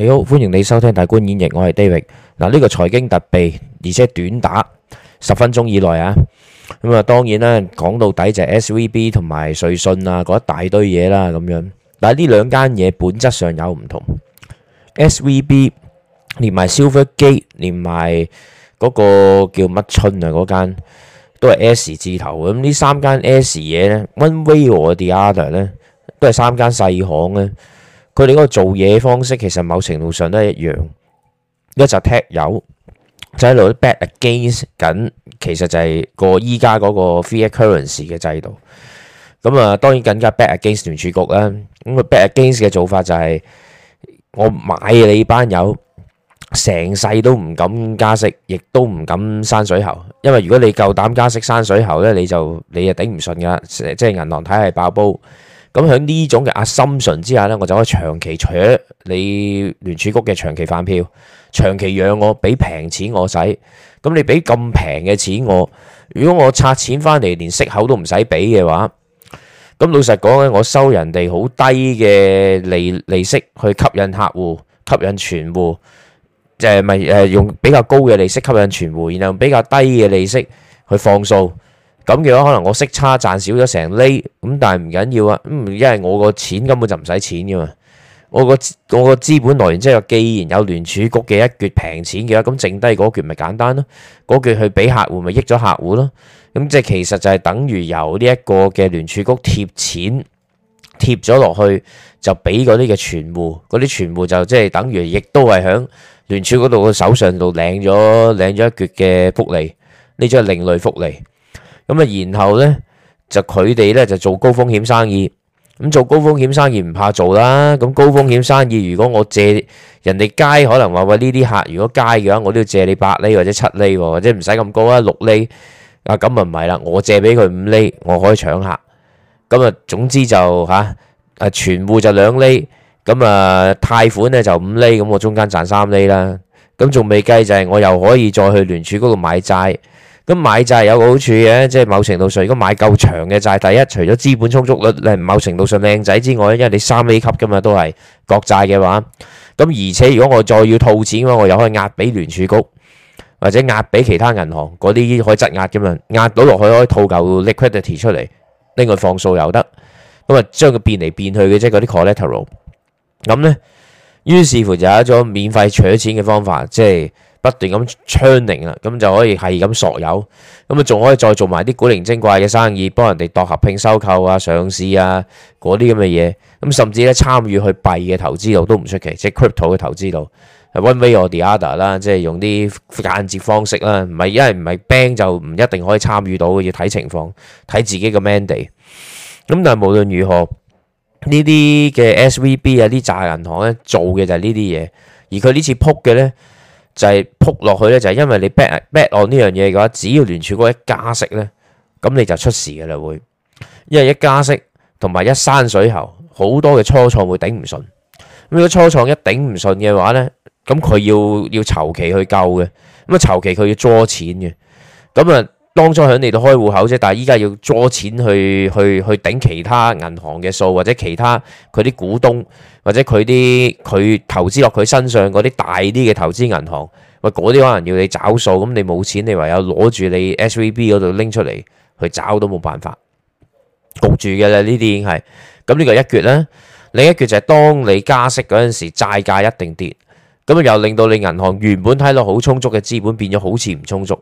你好，歡迎你收聽大觀演繹，我係 David。嗱，呢個財經特備，而且短打，十分鐘以內啊。咁啊，當然啦，講到底就係 SVB 同埋瑞信啊，嗰一大堆嘢啦，咁樣。但係呢兩間嘢本質上有唔同。SVB 連埋 Silvergate，連埋嗰個叫乜春啊嗰間，都係 S 字頭。咁呢三間 S 嘢咧，One Way or the Other 咧，都係三間細行嘅。佢哋嗰個做嘢方式其實某程度上都係一樣，一就踢友就喺度啲 bet against 緊，其實就係個依家嗰個 free currency 嘅制度。咁啊，當然更加 bet against 聯儲局啦。咁佢，bet against 嘅做法就係我買你班友，成世都唔敢加息，亦都唔敢山水喉。因為如果你夠膽加息山水喉咧，你就你啊頂唔順噶啦，即係銀行體系爆煲。咁喺呢種嘅壓心存之下呢，我就可以長期取你聯儲局嘅長期飯票，長期養我，俾平錢我使。咁你俾咁平嘅錢我，如果我拆錢返嚟，連息口都唔使俾嘅話，咁老實講咧，我收人哋好低嘅利利息去吸引客戶、吸引存戶，即係咪用比較高嘅利息吸引存戶，然後用比較低嘅利息去放數。咁嘅話，可能我息差賺少咗成厘咁，但係唔緊要啊。嗯，因為我個錢根本就唔使錢嘅嘛。我個我個資本來源即係，既然有聯儲局嘅一撅平錢嘅話，咁剩低嗰撅咪簡單咯。嗰撅去俾客戶咪益咗客戶咯。咁即係其實就係等於由呢一個嘅聯儲局貼錢貼咗落去，就俾嗰啲嘅存戶嗰啲存戶就即係等於亦都係響聯儲嗰度嘅手上度領咗領咗一撅嘅福利。呢種係另類福利。咁啊，然後呢，就佢哋呢，就做高風險生意，咁做高風險生意唔怕做啦。咁高風險生意，如果我借人哋街，可能話喂，呢啲客，如果街嘅話，我都要借你八厘或者七厘，或者唔使咁高啊，六厘。啊咁啊唔係啦，我借俾佢五厘，我可以搶客。咁啊，總之就吓，全存戶就兩厘，咁啊貸款呢就五厘，咁我中間賺三厘啦。咁仲未計就係我又可以再去聯儲嗰度買債。咁買債有個好處嘅。即係某程度上，如果買夠長嘅債，第一除咗資本充足率你某程度上靚仔之外，因為你三 A 級噶嘛，都係國債嘅話，咁而且如果我再要套錢嘅話，我又可以押俾聯儲局或者押俾其他銀行嗰啲可以質押噶嘛，押到落去可以套夠 liquidity 出嚟，拎佢放數又得，咁啊將佢變嚟變去嘅即係嗰啲 collateral，咁呢，於是乎就有一種免費取錢嘅方法，即係。不斷咁 churning 啦，咁就可以係咁索油。咁啊仲可以再做埋啲古靈精怪嘅生意，幫人哋度合併、收購啊、上市啊嗰啲咁嘅嘢，咁甚至咧參與去幣嘅投資度都唔出奇，即係 crypto 嘅投資度，係 one way or the other 啦，即係用啲間接方式啦，唔係因為唔係 bank 就唔一定可以參與到嘅，要睇情況，睇自己嘅 mandate。咁但係無論如何，呢啲嘅 SVB 啊，呢扎銀行咧做嘅就係呢啲嘢，而佢呢次撲嘅咧。就係撲落去咧，就係、係、因為你 back back 落呢樣嘢嘅話，只要聯儲局一加息咧，咁你就出事㗎喇會。因為一加息同埋一山水喉，好多嘅初創會頂唔順。咁如果初創一頂唔順嘅話咧，咁佢要要籌期去救嘅。咁啊籌期佢要咗錢嘅。咁啊。當初喺你度開戶口啫，但係依家要捉錢去去去頂其他銀行嘅數，或者其他佢啲股東或者佢啲佢投資落佢身上嗰啲大啲嘅投資銀行，喂嗰啲可能要你找數，咁你冇錢，你唯有攞住你 S V B 嗰度拎出嚟去找都冇辦法焗住嘅啦，就是、呢啲已經係咁呢個一橛啦。另一橛就係當你加息嗰陣時，債價一定跌，咁又令到你銀行原本睇落好充足嘅資本變咗好似唔充足。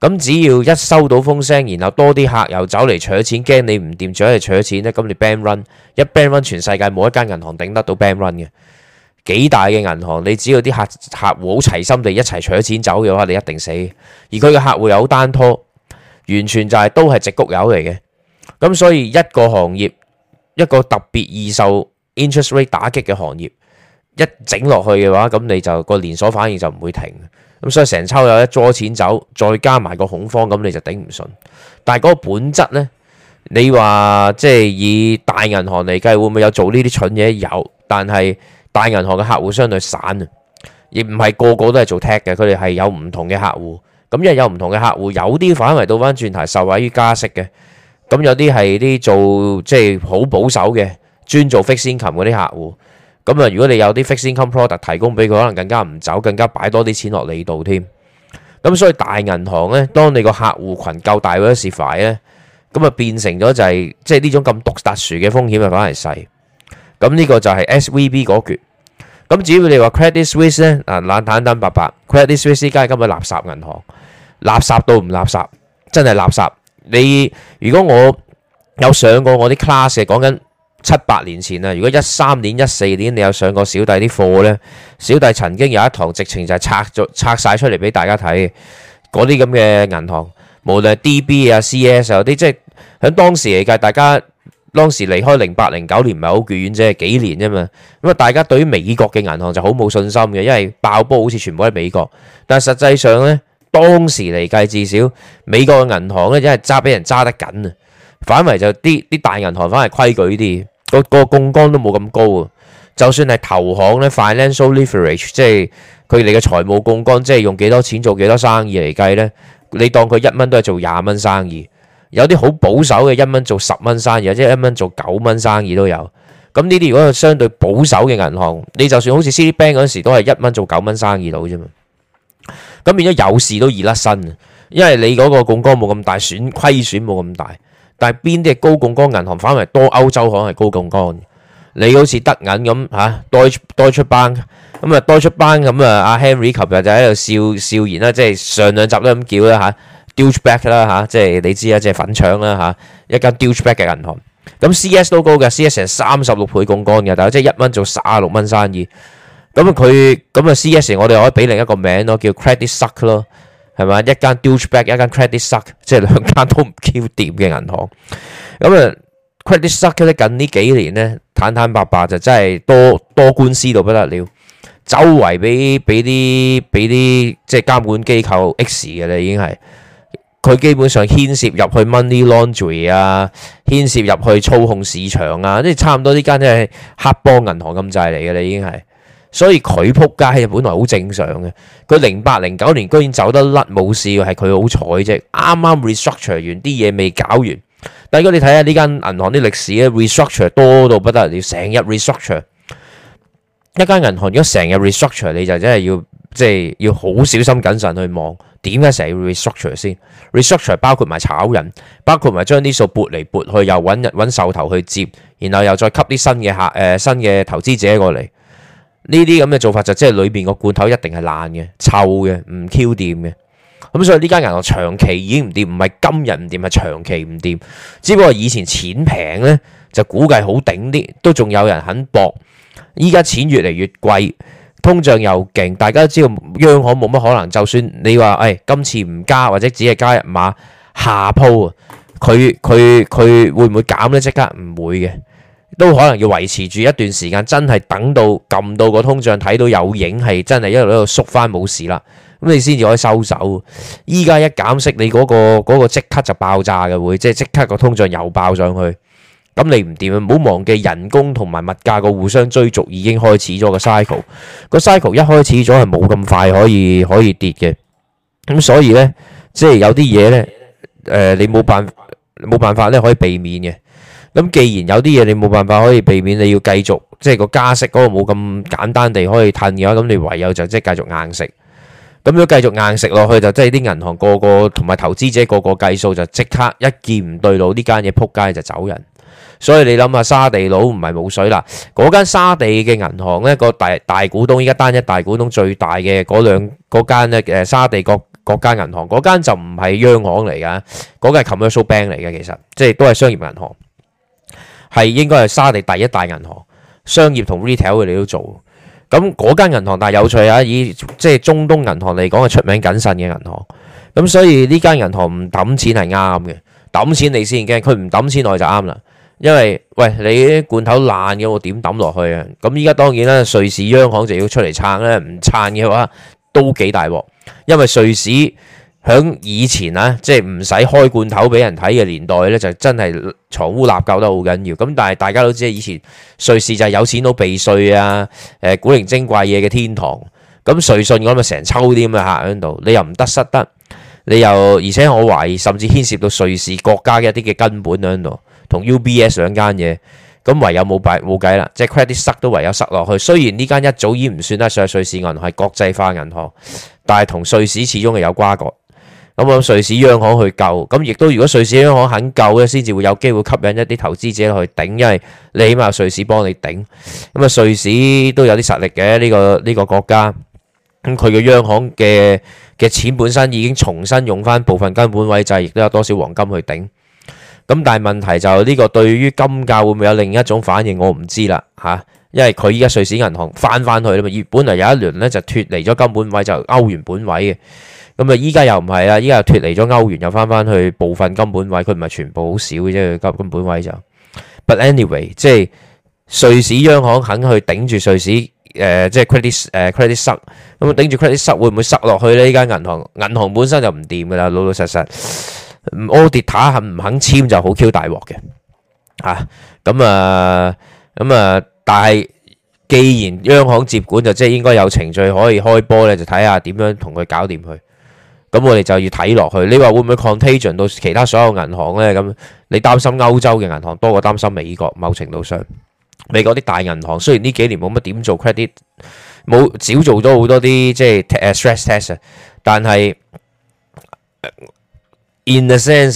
咁只要一收到風聲，然後多啲客又走嚟撮錢，驚你唔掂，再嚟撮錢咧，咁你 bank run，一 bank run，全世界冇一間銀行頂得到 bank run 嘅。幾大嘅銀行，你只要啲客客戶好齊心地一齊撮錢走嘅話，你一定死。而佢嘅客戶又好單拖，完全就係、是、都係直谷友嚟嘅。咁所以一個行業，一個特別易受 interest rate 打擊嘅行業，一整落去嘅話，咁你就個連鎖反應就唔會停。咁所以成抽有一捉錢走，再加埋個恐慌，咁你就頂唔順。但係嗰個本質呢，你話即係以大銀行嚟計，會唔會有做呢啲蠢嘢？有，但係大銀行嘅客戶相對散，而唔係個個都係做 tech 嘅，佢哋係有唔同嘅客戶。咁因為有唔同嘅客戶，有啲反為到翻轉頭受惠於加息嘅，咁有啲係啲做即係好保守嘅，專做 fixed income 嗰啲客戶。咁啊！如果你有啲 fixed income product 提供俾佢，可能更加唔走，更加擺多啲錢落你度添。咁所以大銀行咧，當你個客戶群夠大，diversify 咧，咁啊，變成咗就係即係呢種咁獨特殊嘅風險啊，反而細。咁呢個就係 SVB 嗰橛。咁至於你話 Credit Swiss 咧，啊，爛坦坦白白 Credit Swiss 而家係今日垃圾銀行，垃圾到唔垃圾？真係垃圾。你如果我有上過我啲 class，講緊。七八年前啊，如果一三年、一四年你有上過小弟啲課呢，小弟曾經有一堂直情就係拆咗拆曬出嚟俾大家睇嗰啲咁嘅銀行，無論係 DB 啊、CS 嗰啲，即係喺當時嚟計，大家當時離開零八零九年唔係好遠啫，幾年啫嘛。咁啊，大家對於美國嘅銀行就好冇信心嘅，因為爆波好似全部喺美國，但係實際上呢，當時嚟計至少美國嘅銀行呢，一係揸俾人揸得緊啊。反為就啲啲大銀行反係規矩啲，個個槓桿都冇咁高啊。就算係投行咧，financial leverage 即係佢哋嘅財務槓桿，即係用幾多錢做幾多生意嚟計咧。你當佢一蚊都係做廿蚊生意，有啲好保守嘅一蚊做十蚊生意，或者一蚊做九蚊生意都有。咁呢啲如果相對保守嘅銀行，你就算好似 Citi Bank 嗰時都係一蚊做九蚊生意到啫嘛。咁變咗有事都易甩身，啊，因為你嗰個槓桿冇咁大，損，虧損冇咁大。但係邊啲係高槓杆銀行？反為多歐洲可能係高槓杆嘅。你好似德銀咁嚇，多出多出班，咁啊多出班咁啊。阿 Henry 琴日就喺度笑笑言啦，即係上兩集都咁叫啦嚇，Douchebag 啦嚇，即係你知啦，即係粉腸啦嚇，一間 Douchebag 嘅銀行。咁 C S 都高嘅，C S 成三十六倍槓杆嘅，但係即係一蚊做三啊六蚊生意。咁啊佢咁啊 C S 我哋可以俾另一個名咯，叫 Credit Sucker。係咪？一間 Deutsche Bank 一間 Credit Suisse，即係兩間都唔 Q 掂嘅銀行。咁啊 ，Credit Suisse 咧，近呢幾年咧，坦坦白白就真係多多官司到不得了。周圍俾俾啲俾啲即係監管機構 x 嘅咧，已經係佢基本上牽涉入去 money laundry 啊，牽涉入去操控市場啊，即係差唔多呢間真係黑幫銀行咁滯嚟嘅啦，已經係。所以佢撲街係本來好正常嘅。佢零八零九年居然走得甩冇事，係佢好彩啫。啱啱 restructure 完啲嘢未搞完，但如果你睇下呢間銀行啲歷史咧，restructure 多到不得了，成日 restructure 一間銀行。如果成日 restructure，你就真係要即係、就是、要好小心謹慎去望點解成日 restructure 先。restructure rest 包括埋炒人，包括埋將啲數撥嚟撥去，又揾揾手頭去接，然後又再吸啲新嘅客，誒、呃、新嘅投資者過嚟。呢啲咁嘅做法就即係裏面個罐頭一定係爛嘅、臭嘅、唔 q 掂嘅。咁所以呢間銀行長期已經唔掂，唔係今日唔掂，係長期唔掂。只不過以前錢平呢，就估計好頂啲，都仲有人肯搏。依家錢越嚟越貴，通脹又勁，大家都知道央行冇乜可能。就算你話誒，今次唔加或者只係加入碼下鋪啊，佢佢佢會唔會減呢？即刻唔會嘅。都可能要維持住一段時間，真係等到撳到個通脹睇到有影，係真係一路一路縮翻冇事啦。咁你先至可以收手。依家一減息，你嗰個嗰個即刻就爆炸嘅會，即係即刻個通脹又爆上去。咁你唔掂啊！唔好忘記人工同埋物價個互相追逐已經開始咗個 cycle。個 cycle 一開始咗係冇咁快可以可以跌嘅。咁所以咧，即係有啲嘢咧，誒你冇辦冇辦法咧可以避免嘅。咁既然有啲嘢你冇辦法可以避免，你要繼續即係個加息嗰個冇咁簡單地可以褪嘅話，咁你唯有就即係繼續硬食。咁如果繼續硬食落去，就即係啲銀行個個同埋投資者個個計數，就即刻一見唔對路呢間嘢撲街就走人。所以你諗下沙地佬唔係冇水啦，嗰間沙地嘅銀行呢個大大股東，依家單一大股東最大嘅嗰兩嗰間咧，誒沙地國國家銀行嗰間就唔係央行嚟噶，嗰間係 commercial bank 嚟嘅，其實即係都係商業銀行。係應該係沙地第一大銀行，商業同 retail 佢哋都做，咁嗰間銀行，但係有趣啊，以即係中東銀行嚟講係出名謹慎嘅銀行，咁所以呢間銀行唔抌錢係啱嘅，抌錢你先驚，佢唔抌錢落去就啱啦，因為喂，你啲罐頭爛嘅我點抌落去啊？咁依家當然啦，瑞士央行就要出嚟撐咧，唔撐嘅話都幾大鑊，因為瑞士。喺以前啊，即係唔使開罐頭俾人睇嘅年代呢，就真係藏污納垢得好緊要。咁但係大家都知，以前瑞士就係有錢佬避稅啊，誒古靈精怪嘢嘅天堂。咁瑞信我咪成抽啲咁嘅客喺度，你又唔得失得，你又而且我懷疑甚至牽涉到瑞士國家嘅一啲嘅根本喺度，同 UBS 兩間嘢，咁唯有冇冇計啦，即係 credit 塞都唯有塞落去。雖然呢間一早已唔算得上瑞士銀行係國際化銀行，但係同瑞士始終係有瓜葛。咁啊，瑞士央行去救，咁亦都如果瑞士央行肯救咧，先至會有機會吸引一啲投資者去頂，因為你起碼瑞士幫你頂。咁啊，瑞士都有啲實力嘅呢、這個呢、這個國家。咁佢嘅央行嘅嘅錢本身已經重新用翻部分金本位，就係，亦都有多少黃金去頂。咁但係問題就呢個對於金價會唔會有另一種反應，我唔知啦吓，因為佢依家瑞士銀行翻翻去啦嘛，原本係有一輪咧就脫離咗金本位，就歐元本位嘅。咁啊！依家又唔係啦，依家又脫離咗歐元，又翻翻去部分金本位，佢唔係全部好少嘅啫。佢金本位就，but anyway，即係瑞士央行肯去頂住瑞士誒、呃，即係 credit 誒、呃、credit 塞咁啊，頂、嗯、住 credit 塞會唔會塞落去呢？依間銀行銀行本身就唔掂噶啦，老老實實，Auditor 肯唔肯簽就好 Q 大鑊嘅啊。咁、嗯、啊，咁、嗯、啊、嗯，但係既然央行接管就即係應該有程序可以開波咧，就睇下點樣同佢搞掂佢。咁我哋就要睇落去。你話會唔會 contagion 到其他所有銀行呢？咁你擔心歐洲嘅銀行多過擔心美國。某程度上，美國啲大銀行雖然呢幾年冇乜點做 credit，冇少做咗好多啲即係 stress test，但係 in a sense，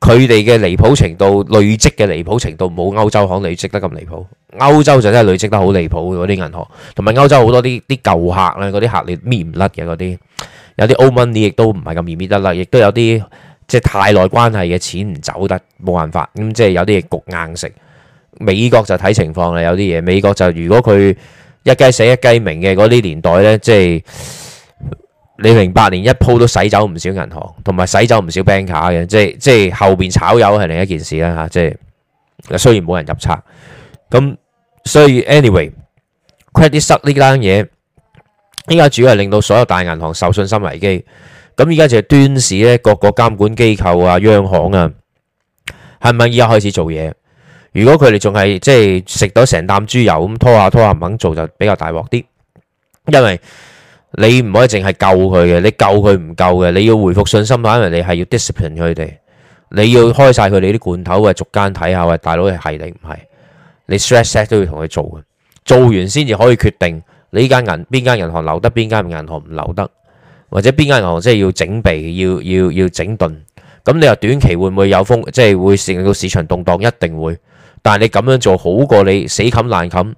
佢哋嘅離譜程度，累積嘅離譜程度冇歐洲行累積得咁離譜。歐洲就真係累積得好離譜嗰啲銀行，同埋歐洲好多啲啲舊客咧，嗰啲客你搣唔甩嘅嗰啲。有啲 old money 呢，亦都唔係咁易搣得啦，亦都有啲即係太耐關係嘅錢唔走得，冇辦法，咁即係有啲嘢焗硬食。美國就睇情況啦，有啲嘢美國就如果佢一雞死一雞鳴嘅嗰啲年代呢，即係你零八年一鋪都洗走唔少銀行，同埋洗走唔少 bank 卡嘅，即係即係後邊炒魷係另一件事啦吓，即係雖然冇人入冊，咁所以 anyway，Credit Suisse 呢單嘢。依家主要係令到所有大銀行受信心危機，咁依家就係端視咧各個監管機構啊、央行啊，係咪依家開始做嘢？如果佢哋仲係即係食到成啖豬油咁拖下拖下唔肯做，就比較大鑊啲。因為你唔可以淨係救佢嘅，你救佢唔夠嘅，你要回復信心啊，因為你係要 discipline 佢哋，你要開晒佢哋啲罐頭啊，逐間睇下喂，大佬係你唔係，你 stress test 都要同佢做嘅，做完先至可以決定。你依間銀邊間銀行留得，邊間銀行唔留得，或者邊間銀行即係要整備，要要要整頓。咁你話短期會唔會有風，即係會成到市場動盪？一定會。但係你咁樣做好過你死冚爛冚，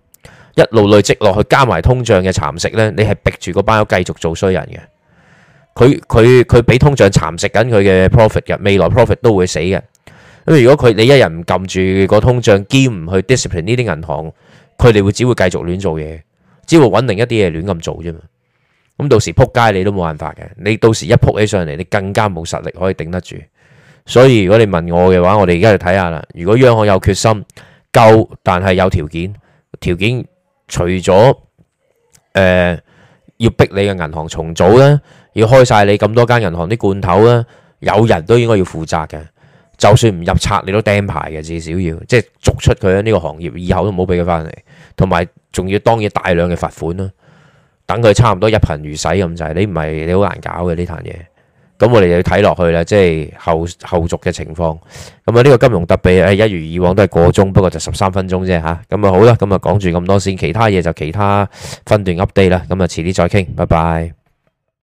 一路累積落去加埋通脹嘅蠶食呢，你係逼住嗰班繼續做衰人嘅。佢佢佢俾通脹蠶食緊佢嘅 profit 嘅，未來 profit 都會死嘅。因為如果佢你一日唔撳住個通脹，兼唔去 discipline 呢啲銀行，佢哋會只會繼續亂做嘢。只會揾另一啲嘢亂咁做啫嘛，咁到時撲街你都冇辦法嘅。你到時一撲起上嚟，你更加冇實力可以頂得住。所以如果你問我嘅話，我哋而家就睇下啦。如果央行有決心夠，但係有條件，條件除咗誒、呃、要逼你嘅銀行重組啦，要開晒你咁多間銀行啲罐頭啦，有人都應該要負責嘅。就算唔入冊，你都釘牌嘅，至少要即係逐出佢喺呢個行業，以後都唔好俾佢返嚟，同埋，仲要當嘢大量嘅罰款咯，等佢差唔多一貧如洗咁就係，你唔係你好難搞嘅呢壇嘢，咁我哋就要睇落去啦，即係後後續嘅情況。咁啊呢個金融特備，誒一如以往都係個鐘，不過就十三分鐘啫嚇。咁啊好啦，咁啊講住咁多先，其他嘢就其他分段 update 啦。咁啊遲啲再傾，拜拜。